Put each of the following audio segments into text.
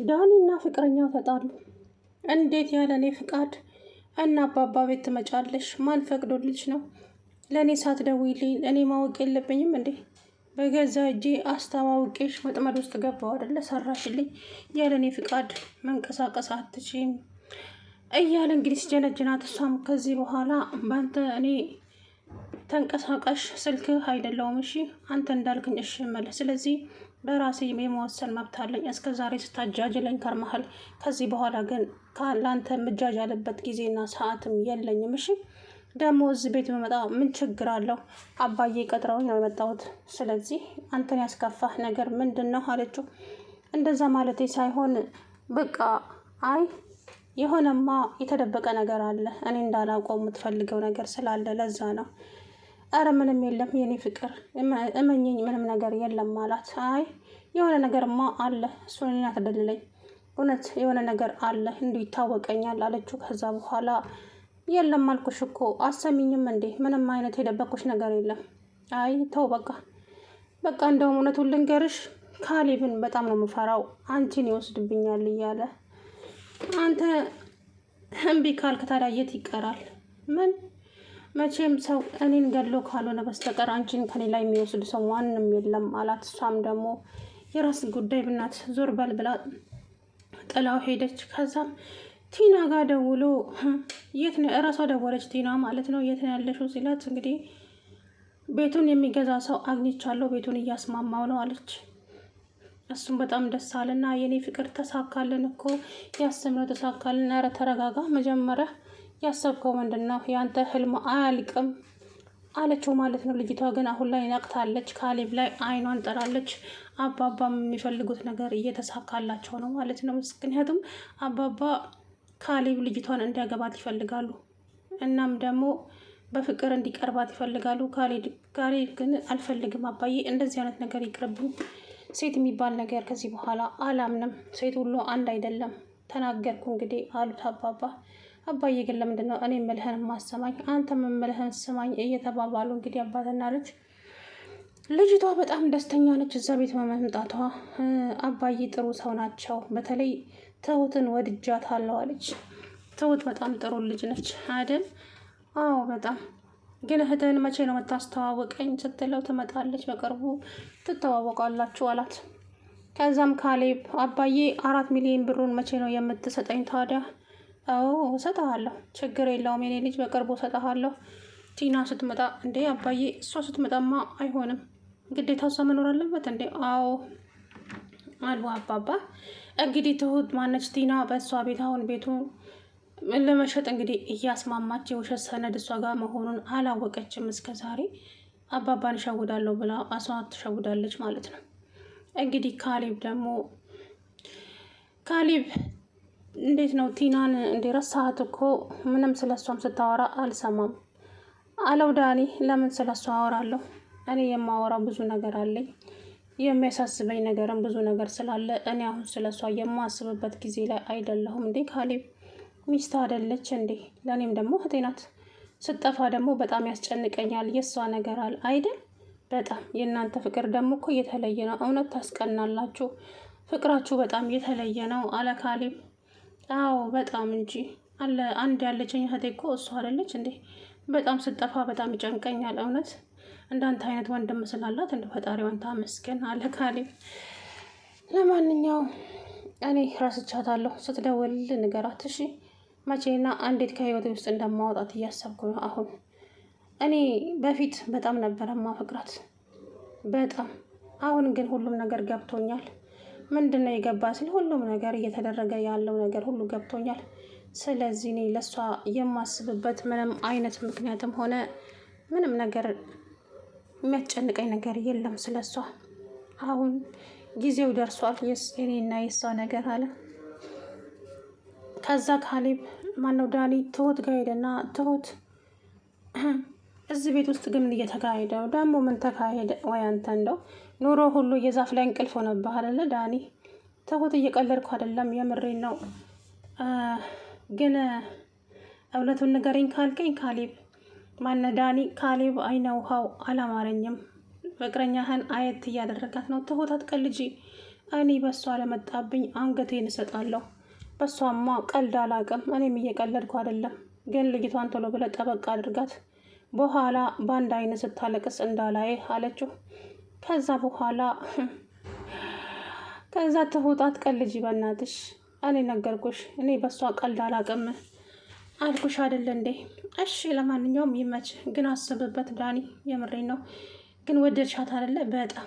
እና ፍቅረኛው ተጣሉ። እንዴት ያለ እኔ ፍቃድ እና አባባ ቤት ትመጫለሽ? ማን ፈቅዶልሽ ነው? ለእኔ ሳትደውይልኝ እኔ ማወቅ የለብኝም እንዴ? በገዛ እጄ አስተዋውቄሽ ወጥመድ ውስጥ ገባው አደለ? ሰራሽልኝ። ያለ እኔ ፍቃድ መንቀሳቀስ አትችም እያለ እንግዲህ ስጀነጅናት፣ እሷም ከዚህ በኋላ በአንተ እኔ ተንቀሳቃሽ ስልክህ አይደለውም። እሺ አንተ እንዳልክኝ እሺ መለ ስለዚህ በራሴ የመወሰን መብት አለኝ። እስከ ዛሬ ስታጃጅለኝ ከርመሃል። ከዚህ በኋላ ግን ለአንተ ምጃጅ ያለበት ጊዜና ሰዓትም የለኝም። እሺ ደግሞ እዚህ ቤት በመጣ ምን ችግር አለው? አባዬ ቀጥረውኝ ነው የመጣሁት። ስለዚህ አንተን ያስከፋህ ነገር ምንድን ነው አለችው። እንደዛ ማለቴ ሳይሆን በቃ አይ የሆነማ የተደበቀ ነገር አለ እኔ እንዳላውቀው የምትፈልገው ነገር ስላለ ለዛ ነው አረ ምንም የለም የኔ ፍቅር እመኘኝ ምንም ነገር የለም አላት። አይ የሆነ ነገርማ አለ፣ እሱን እኔን አትደልለኝ፣ እውነት የሆነ ነገር አለ እንዲሁ ይታወቀኛል አለችው። ከዛ በኋላ የለም አልኩሽ እኮ አሰሚኝም እንዴ? ምንም አይነት የደበቅኩሽ ነገር የለም። አይ ተው በቃ በቃ፣ እንደውም እውነቱን ልንገርሽ ካሌብን በጣም ነው የምፈራው፣ አንቺን ይወስድብኛል እያለ አንተ እምቢ ካልክ ታዲያ የት ይቀራል ምን መቼም ሰው እኔን ገሎ ካልሆነ በስተቀር አንቺን ከሌላ የሚወስድ ሰው ማንም የለም አላት። እሷም ደግሞ የራስ ጉዳይ ብናት ዞር በል ብላ ጥላው ሄደች። ከዛም ቲና ጋ ደውሎ የት ነው እራሷ ደወለች፣ ቲና ማለት ነው። የት ነው ያለሽው ሲላት እንግዲህ ቤቱን የሚገዛ ሰው አግኝቻለሁ፣ ቤቱን እያስማማው ነው አለች። እሱም በጣም ደስ አለና የኔ ፍቅር ተሳካልን እኮ ያስምነው ተሳካልን። ኧረ ተረጋጋ መጀመሪያ ያሰብከው ምንድን ነው? ያንተ ህልም አያልቅም አለችው ማለት ነው። ልጅቷ ግን አሁን ላይ ነቅታለች። ካሌብ ላይ አይኗን ጠራለች። አባባ የሚፈልጉት ነገር እየተሳካላቸው ነው ማለት ነው። ምክንያቱም አባባ ካሌብ ልጅቷን እንዲያገባት ይፈልጋሉ። እናም ደግሞ በፍቅር እንዲቀርባት ይፈልጋሉ። ካሌብ ግን አልፈልግም አባዬ፣ እንደዚህ አይነት ነገር ይቅርብኝ። ሴት የሚባል ነገር ከዚህ በኋላ አላምንም። ሴት ሁሉ አንድ አይደለም። ተናገርኩ እንግዲህ አሉት አባባ አባዬ ግን ለምንድን ነው እኔ መልህን ማሰማኝ አንተ የምልህን ስማኝ እየተባባሉ እንግዲህ አባትና ልጅ ልጅቷ በጣም ደስተኛ ነች እዛ ቤት በመምጣቷ። አባዬ ጥሩ ሰው ናቸው፣ በተለይ ትሁትን ወድጃታለሁ አለች። ትሁት በጣም ጥሩ ልጅ ነች አይደል? አዎ በጣም ግን እህትህን መቼ ነው የምታስተዋወቀኝ ስትለው ትመጣለች፣ በቅርቡ ትተዋወቃላችሁ አላት። ከዛም ካሌብ አባዬ አራት ሚሊዮን ብሩን መቼ ነው የምትሰጠኝ ታዲያ አዎ እሰጥሃለሁ፣ ችግር የለውም የኔ ልጅ፣ በቅርቡ እሰጥሃለሁ። ቲና ስትመጣ እንዴ አባዬ፣ እሷ ስትመጣማ አይሆንም፣ ግዴታ እሷ መኖር አለበት እንዴ? አዎ አሉ አባባ። እንግዲህ ትሁት ማነች ቲና በእሷ ቤት አሁን ቤቱ ለመሸጥ እንግዲህ እያስማማች የውሸት ሰነድ እሷ ጋር መሆኑን አላወቀችም እስከ ዛሬ። አባባን እሸውዳለሁ ብላ አሷ ትሸውዳለች ማለት ነው። እንግዲህ ካሊብ ደግሞ ካሊብ እንዴት ነው ቲናን እንዲረሳሃት እኮ ምንም ስለ እሷም ስታወራ አልሰማም አለው ዳኒ። ለምን ስለ እሷ አወራለሁ? እኔ የማወራው ብዙ ነገር አለኝ፣ የሚያሳስበኝ ነገርም ብዙ ነገር ስላለ እኔ አሁን ስለ እሷ የማስብበት ጊዜ ላይ አይደለሁም። እንዴ ካሌብ ሚስት አደለች እንዴ? ለእኔም ደግሞ እህቴ ናት። ስጠፋ ደግሞ በጣም ያስጨንቀኛል። የእሷ ነገር አለ አይደል? በጣም የእናንተ ፍቅር ደግሞ እኮ እየተለየ ነው። እውነት ታስቀናላችሁ። ፍቅራችሁ በጣም እየተለየ ነው አለ ካሌብ። አዎ በጣም እንጂ አለ አንድ ያለችኝ እህቴ እኮ እሱ አይደለች እንዴ? በጣም ስጠፋ በጣም ይጨንቀኛል። እውነት እንዳንተ አይነት ወንድም ስላላት እንደ ፈጣሪዋን ታመስገን አለ ካሌብ። ለማንኛውም እኔ ረስቻታለሁ፣ ስትደውል ንገራት እሺ። መቼና እንዴት ከህይወት ውስጥ እንደማወጣት እያሰብኩ ነው አሁን። እኔ በፊት በጣም ነበረ ማፈቅራት በጣም አሁን ግን ሁሉም ነገር ገብቶኛል። ምንድን ነው የገባ ስል ሁሉም ነገር እየተደረገ ያለው ነገር ሁሉ ገብቶኛል። ስለዚህ እኔ ለእሷ የማስብበት ምንም አይነት ምክንያትም ሆነ ምንም ነገር የሚያስጨንቀኝ ነገር የለም ስለሷ። አሁን ጊዜው ደርሷል የኔና የሷ ነገር አለ። ከዛ ካሌብ ማነው ዳኒ ትሁት ጋር ሄደና ትሁት እዚህ ቤት ውስጥ ግን እየተካሄደ ነው? ደግሞ ምን ተካሄደ? ወይ አንተ እንደው ኑሮ ሁሉ የዛፍ ላይ እንቅልፍ ሆነብህ አይደለ ዳኒ? ተውት፣ እየቀለድኩ አይደለም፣ የምሬን ነው። ግን እውነቱን ንገረኝ ካልከኝ ካሌብ ማነ ዳኒ ካሌብ አይነ ውሃው አላማረኝም። ፍቅረኛህን አየት እያደረጋት ነው። ተውት፣ አትቀልጂ። እኔ በሷ ለመጣብኝ አንገቴን እሰጣለሁ። በሷማ ቀልድ አላቅም እኔም እየቀለድኩ አይደለም። ግን ልጅቷን ቶሎ ብለህ ጠበቅ አድርጋት። በኋላ በአንድ አይነት ስታለቅስ እንዳላይ አለችው። ከዛ በኋላ ከዛ ትሁጣት ቀልጂ በናትሽ፣ እኔ ነገርኩሽ፣ እኔ በሷ ቀልድ አላቅም አልኩሽ አይደል እንዴ? እሺ ለማንኛውም ይመች፣ ግን አስብበት ዳኒ፣ የምሬ ነው። ግን ወደድሻት አይደለ? በጣም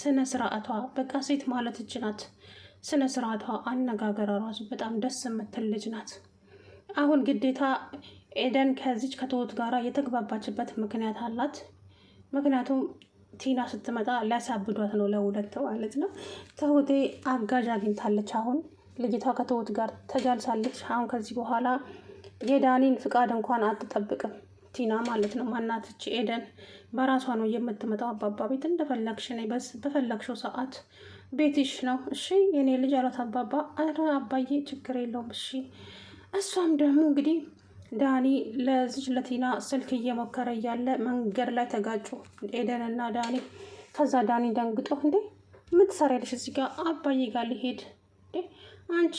ስነ ስርዓቷ፣ በቃ ሴት ማለት እጅ ናት። ስነ ስርዓቷ፣ አነጋገሯ ራሱ በጣም ደስ የምትል ልጅ ናት። አሁን ግዴታ ኤደን ከዚች ከትሁት ጋር የተግባባችበት ምክንያት አላት። ምክንያቱም ቲና ስትመጣ ሊያሳብዷት ነው ለሁለት ማለት ነው። ትሁቴ አጋዥ አግኝታለች። አሁን ልጅቷ ከትሁት ጋር ተጃልሳለች። አሁን ከዚህ በኋላ የዳኒን ፍቃድ እንኳን አትጠብቅም ቲና ማለት ነው። ማናትች ኤደን በራሷ ነው የምትመጣው። አባባ ቤት እንደፈለግሽ ነይ፣ በፈለግሽው ሰዓት ቤትሽ ነው። እሺ የኔ ልጅ አሏት አባባ። ኧረ አባዬ ችግር የለውም እሺ። እሷም ደግሞ እንግዲህ ዳኒ ለዚች ለቲና ስልክ እየሞከረ እያለ መንገድ ላይ ተጋጩ ኤደንና ዳኒ። ከዛ ዳኒ ደንግጦ እንዴ የምትሰሪያለሽ እዚህ ጋር አባዬ ጋር ሊሄድ አንቺ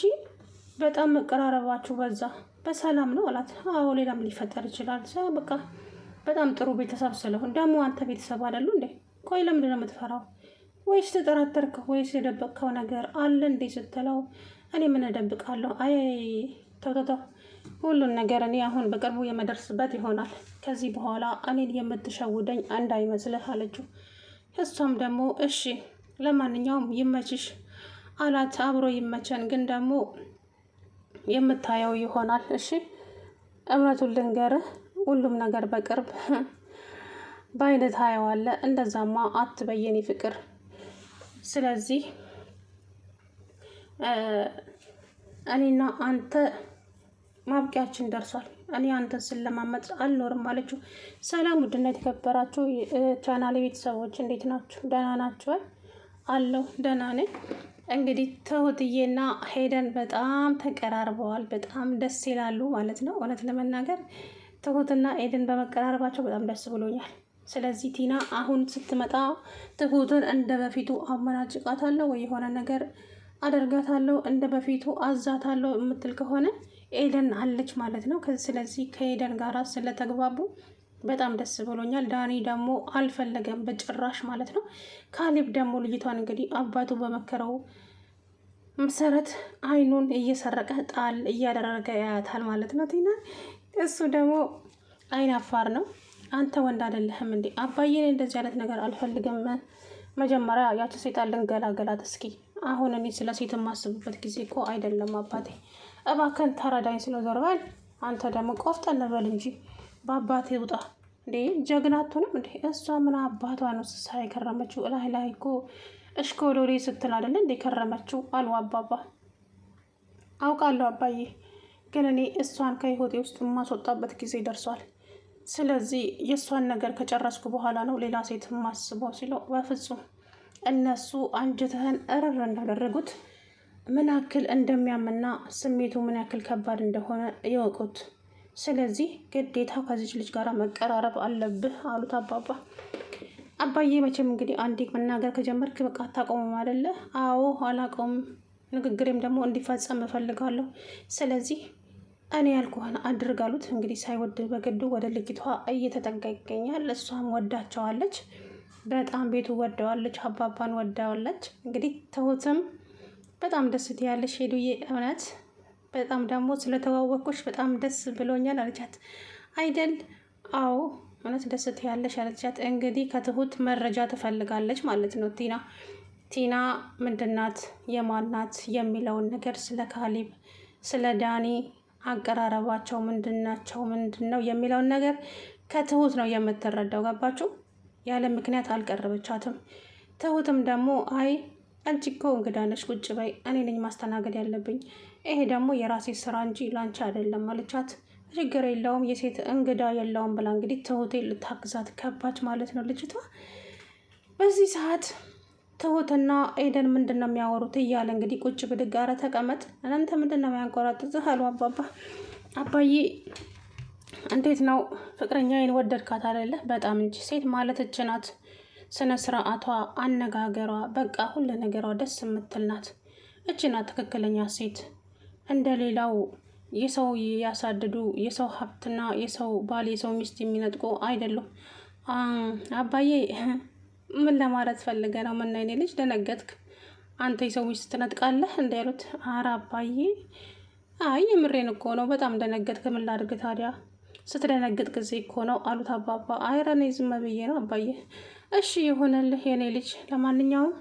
በጣም መቀራረባችሁ በዛ። በሰላም ነው አላት። አዎ ሌላም ሊፈጠር ይችላል። በቃ በጣም ጥሩ ቤተሰብ ስለሆን ደግሞ አንተ ቤተሰብ አይደሉ እንዴ? ቆይ ለምንድን ነው የምትፈራው? ወይስ ተጠራጠርከው? ወይስ የደበቅከው ነገር አለ እንዴ ስትለው እኔ ምን እደብቃለሁ? አይ ተውተተው ሁሉን ነገር እኔ አሁን በቅርቡ የመደርስበት ይሆናል። ከዚህ በኋላ እኔን የምትሸውደኝ እንዳይመስልህ አለችው። እሷም ደግሞ እሺ ለማንኛውም ይመችሽ አላት። አብሮ ይመቸን፣ ግን ደግሞ የምታየው ይሆናል። እሺ እምነቱን ልንገርህ፣ ሁሉም ነገር በቅርብ በአይነት ታየዋለ። እንደዛማ አትበየኔ ፍቅር። ስለዚህ እኔና አንተ ማብቂያችን ደርሷል። እኔ አንተን ስለማመጥ አልኖርም አለችው። ሰላም ውድና የተከበራችሁ ቻናሌ ቤተሰቦች እንዴት ናችሁ? ደህና ናችኋል? አለው ደህና ነኝ። እንግዲህ ትሁትዬና ሄደን በጣም ተቀራርበዋል። በጣም ደስ ይላሉ ማለት ነው። እውነት ለመናገር ትሁትና ኤደን በመቀራረባቸው በጣም ደስ ብሎኛል። ስለዚህ ቲና አሁን ስትመጣ ትሁትን እንደ በፊቱ አመናጭቃታለሁ ወይ የሆነ ነገር አደርጋታለሁ እንደ በፊቱ አዛታለሁ የምትል ከሆነ ኤደን አለች ማለት ነው። ስለዚህ ከኤደን ጋር ስለተግባቡ በጣም ደስ ብሎኛል። ዳኒ ደግሞ አልፈለገም በጭራሽ ማለት ነው። ካሌብ ደግሞ ልጅቷን እንግዲህ አባቱ በመከረው መሰረት አይኑን እየሰረቀ ጣል እያደረገ ያያታል ማለት ነው። ቲና እሱ ደግሞ አይን አፋር ነው። አንተ ወንድ አይደለህም እንዴ? አባዬን እንደዚህ አይነት ነገር አልፈልግም። መጀመሪያ ያቺ ሴጣን ገላገላ እስኪ። አሁን እኔ ስለ ሴት የማስብበት ጊዜ እኮ አይደለም አባቴ እባክህን ተረዳኝ ስለ ዞርባል አንተ ደግሞ ቆፍጠን በል እንጂ በአባቴ ውጣ እንዴ ጀግና አትሆንም እንዴ? እሷ ምን አባቷ ነው ስሳ የከረመችው? እላይ ላይ እኮ እሽኮሎሪ ስትል አይደለ እንዴ ከረመችው አሉ አባባ። አውቃለሁ አባዬ፣ ግን እኔ እሷን ከህይወቴ ውስጥ የማስወጣበት ጊዜ ደርሷል። ስለዚህ የእሷን ነገር ከጨረስኩ በኋላ ነው ሌላ ሴት የማስበው ሲለው፣ በፍጹም እነሱ አንጀትህን እርር እንዳደረጉት ምን ያክል እንደሚያምና ስሜቱ ምን ያክል ከባድ እንደሆነ ይወቁት። ስለዚህ ግዴታ ከዚች ልጅ ጋር መቀራረብ አለብህ አሉት አባባ። አባዬ መቼም እንግዲህ አንዴ መናገር ከጀመርክ በቃ አታቆምም አይደለ? አዎ አላቆም፣ ንግግሬም ደግሞ እንዲፈጸም እፈልጋለሁ። ስለዚህ እኔ ያልኩህን አድርግ አሉት። እንግዲህ ሳይወድ በግዱ ወደ ልጅቷ እየተጠጋ ይገኛል። እሷም ወዳቸዋለች፣ በጣም ቤቱ ወደዋለች፣ አባባን ወደዋለች። እንግዲህ ትሁትም በጣም ደስ ትያለሽ ሄዱዬ፣ እውነት በጣም ደግሞ ስለተዋወቅኩሽ በጣም ደስ ብሎኛል አለቻት። አይደል? አዎ እውነት ደስ ትያለሽ አለቻት። እንግዲህ ከትሁት መረጃ ትፈልጋለች ማለት ነው ቲና ቲና ምንድናት የማናት የሚለውን ነገር ስለ ካሊብ ስለ ዳኒ አቀራረባቸው ምንድናቸው ምንድን ነው የሚለውን ነገር ከትሁት ነው የምትረዳው ገባችሁ ያለ ምክንያት አልቀረበቻትም ትሁትም ደግሞ አይ አንቺ እኮ እንግዳ ነሽ፣ ቁጭ በይ፣ እኔ ነኝ ማስተናገድ ያለብኝ። ይሄ ደግሞ የራሴ ስራ እንጂ ላንቺ አይደለም አለቻት። ችግር የለውም የሴት እንግዳ የለውም ብላ እንግዲህ ትሁቴን ልታግዛት ከባች ማለት ነው ልጅቷ። በዚህ ሰዓት ትሁትና ኤደን ምንድን ነው የሚያወሩት እያለ እንግዲህ ቁጭ ብድግ፣ ኧረ ተቀመጥ፣ እናንተ ምንድን ነው የሚያንቆራጥጥህ አሉ አባባ። አባዬ እንዴት ነው ፍቅረኛዬን ወደድካት አይደለ? በጣም እንጂ ሴት ማለት እች ናት ስነ ስርዓቷ፣ አነጋገሯ፣ በቃ ሁሉ ነገሯ ደስ የምትል ናት። እችና ትክክለኛ ሴት እንደ ሌላው የሰው ያሳድዱ የሰው ሀብትና የሰው ባል የሰው ሚስት የሚነጥቁ አይደሉም። አባዬ ምን ለማለት ፈልገ ነው? ምን ልጅ ደነገጥክ? አንተ የሰው ሚስት ትነጥቃለህ ያሉት አረ አባዬ አይ የምሬን እኮ ነው። በጣም ደነገጥክ። ምን ላድርግ ታዲያ? ስትደነግጥ ጊዜ እኮ ነው አሉት አባባ። አይረኔ እኔ ዝም ብዬ ነው አባዬ እሺ ይሁንልህ የኔ ልጅ። ለማንኛውም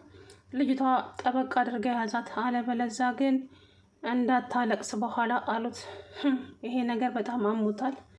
ልጅቷ ጠበቅ አድርጋ የያዛት፣ አለበለዛ ግን እንዳታለቅስ በኋላ አሉት። ይሄ ነገር በጣም አሞታል።